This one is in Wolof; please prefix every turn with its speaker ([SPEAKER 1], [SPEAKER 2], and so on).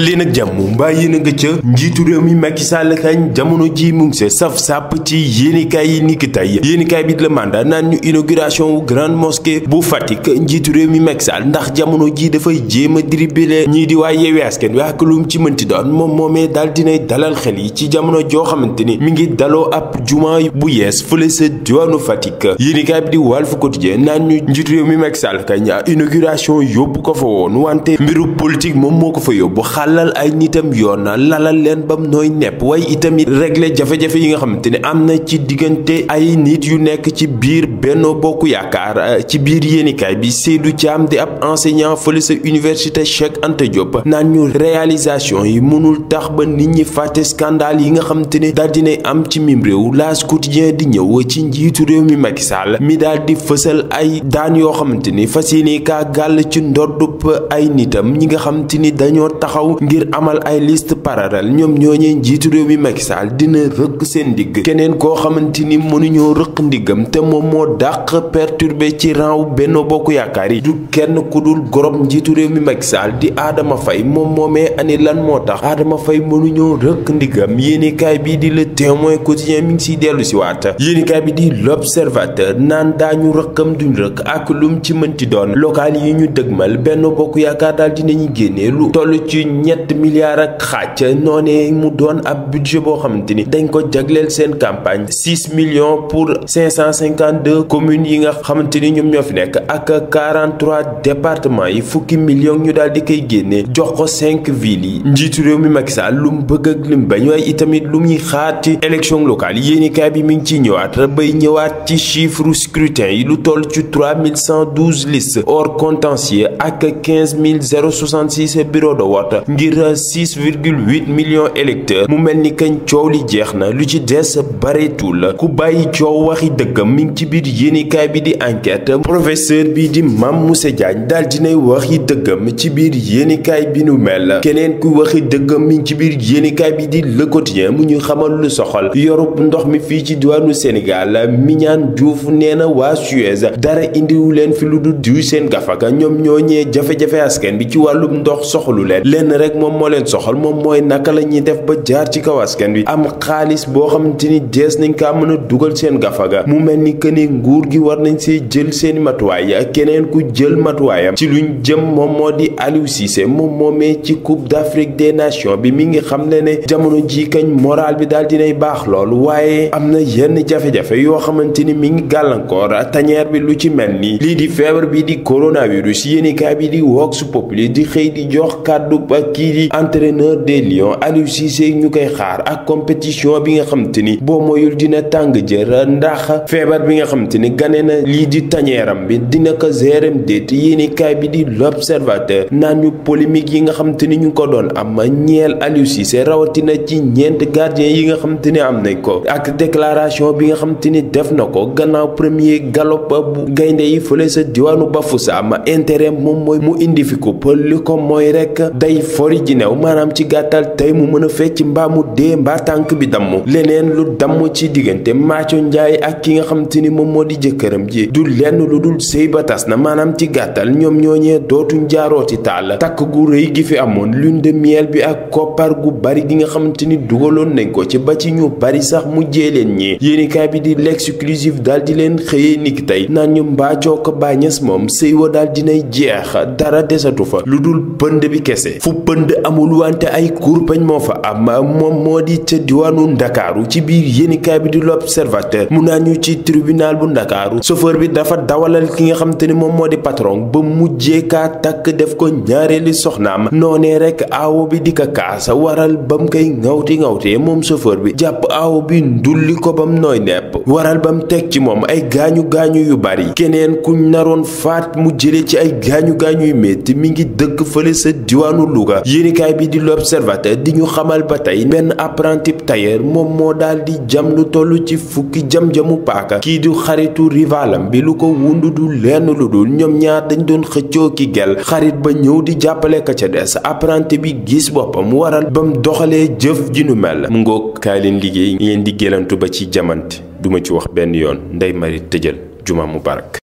[SPEAKER 1] dal leen ak jàmm mbaa yéen a nga ca njiitu réew mi mekk sàll kañ jamono ji mu ngi sa saf sàpp ci yéenikaay yi niki tey yéenikaay bi di la mandat naan ñu inauguration wu grande mosquée bu Fatick njiitu réew mi Macky Sall ndax jamono ji dafay jéem a dribble ñii di waa Yewwi Askan Wi ak lu ci mënti doon moom moomee daal dinay dalal xel yi ci jamono joo xamante ni mi ngi daloo ab juma bu yees fële sa diwaanu Fatick yéenikaay bi di Walf Quotidien naan ñu njiitu réew mi Macky Sall kañ inauguration yóbbu ko fa woon wante mbiru politique moom moo ko fa yóbbu xaal xàllal ay nitam yoon lalal leen bam nooy nepp waaye itamit régle jafe-jafe yi nga xamante ne am na ci diggante ay nit yu nekk ci biir Benno Bokk Yaakaar ci biir yéenikaay bi Seydou Thiam di ab enseignant fële sa université Cheikh Anta Diop naan ñu réalisation yi mënul tax ba nit ñi fàtte scandale yi nga xamante ni daal dinay am ci mim réew laas quotidien di ñëw ci njiitu réew mi Macky Sall mi daal di fësal ay daan yoo xamante ni fas yéene kaa gàll ci ndoddub ay nitam ñi nga xamante ni dañoo taxaw ngir amal ay liste parallèle ñoom ñooñee njiitu réew mi Macky Sall dina rëkk seen digg keneen koo xamante ni mënuñoo rëq ndiggam te moom moo dàq perturbé ci rang benn Bokk Yaakaar yi du kenn ku dul gorob njiitu réew mi Macky Sall di aadama fay moom moomee ani lan moo tax Adama Faye mënuñoo rëkk ndiggam yéenekaay bii di Le Témoin Quotidien mi ngi siy dellu si waat yéenekaay bi di L'Observateur naan daañu rëkkam duñ rëkk ak lum ci mënti doon local yi ñu dëgmal benn Bokk Yaakaar daal dinañu ñett milliards ak xaaj noonee mu doon ab budget boo xamante ni dañ ko jagleel seen campagne six millions pour cinq cent cinquante deux communes yi nga xamante ni ñoom ñoo fi nekk ak quarante départements yi fukki millions ñu daal di koy génne jox ko cinq villes yi njiitu réew mi Macky Sall lu bëgg ak lu mu bañ waaye itamit lu muy xaar ci élection locale yéenekaay bi mi ngi ciy ñëwaat bay ñëwaat ci chiffre scrutin yi lu toll ci trois mille cent douze listes hors contentieux ak quinze mille zéro soixante six bureau de vote ngir 6,8 millions électeurs mu mel ni kañ coow li jeex na lu ci des bareetul ku bàyyi coow waxi dëggam mi ngi ci biir yéenikaay bi di enquête professeur bi di Mame Moussa Diagne daal dinay waxi dëggam ci biir yéenikaay bi nu mel keneen ku waxi dëggam mi ci biir yéenikaay bi di Le Quotidien mu ñuy xamal lu soxal yorub ndox mi fii ci diwaanu Sénégal Mignane Diouf nee na waa Suez dara indiwu leen fi lu du diw seen gafaka ñoom ñoo ñee jafe-jafe askan bi ci wàllum ndox soxalu leen rek mom mo len soxal mom moy naka la ñi def ba jaar ci kaw askan wi am xaalis boo xamante ni dees nañ kaa mën a seen gafaga mu melni ke ne nguur gi war nañ ci jël matuway matuwaay keneen ku jël matuwayam ci luñ jëm mom modi di Aliou Cissé mom momé ci coupe d'Afrique des nations bi mi ngi xam ne ne jamono ji kañ moral bi dal dinay bax lool waaye amna yenn jafé jafé yo xamanteni mi ngi galankor tañeer bi lu ci melni li di fièvre bi di coronavirus ka bi di su Populi di xey di jox ba kii di entraîneur des Lions Aliou Cissé ñu koy xaar ak compétition bi nga xam ni boo moyul dina tàng jër ndax feebar bi nga xam ni gane na lii di tañeeram bi dina ko gérem déet yéenekaay bi di l'observateur naan ñu polémique yi nga xam ni ñu ko doon am ñeel Aliou Cissé rawatina ci ñeent gardien yi nga xam te am nañ ko ak déclaration bi nga xam ni def na ko gannaaw premier galop bu gaynde yi fële sa diwaanu Bafoussam intérêt moom mooy mu indi fi ko li ko mooy rek day fori gineew maanaam ci gàttal tey mu mën a fecc mbaa mu dee mbaa tànk bi damm leneen lu damm ci diggante Mathio Ndiaye ak ki nga xam ni moom moo di jëkkëram ji du lenn lu dul sëy ba tas na maanaam ci gàttal ñoom ñooñee dootuñ jaarooti taal takk gu rëy gi fi amoon lune de miel bi ak koppar gu bari gi nga xamante ni dugaloon nañ ko ci ba ci ñu bari sax mu jee leen ñi yéenikaay bi di l'exclusif daal di leen xëyee ki tey naan ñu mbaa cook bàññes moom sëy wa daal dinay jeex dara desatu fa lu dul pënd bi pënd amul wante ay kurpañ moo fa am moom moo di ca diwaanu ndakaaru ci biir yéenikaay bi di l'observateur mu naa ñu ci tribunal bu ndakaaru chauffeur bi dafa dawalal ki nga xam te ni moom moo di patron ba mujjee kaa takk def ko ñaareeli soxnaam noonee rek awo bi di ka kaasa waral ba mu koy ngawti ngawtee moom chauffeur bi jàpp aawo bi ndulli ko bam nooy nepp waral bam teg ci moom ay gaañu gaañu yu bari keneen ku naroon faat mu jëlee ci ay gaañu gaañu yu métti mi ngi dëkk fële sa diwaanu Louga yéenikaay bi di l'observateur di ñu xamal ba tey benn apprenti tailleur moom moo daal di jam lu toll ci fukki jam-jamu paaka kii di xaritu rivalam bi lu ko wundu du lenn lu dul ñoom ñaar dañ doon xëccoo ki gel xarit ba ñëw di jàppale ka ca des apprenti bi gis boppam waral ba mu doxalee jëf ji nu mel mu ngoog kaay leen liggéey ngeen di gélantu ba ci jamante duma ci wax benn yoon Ndeye Marie tëjal juma mubarak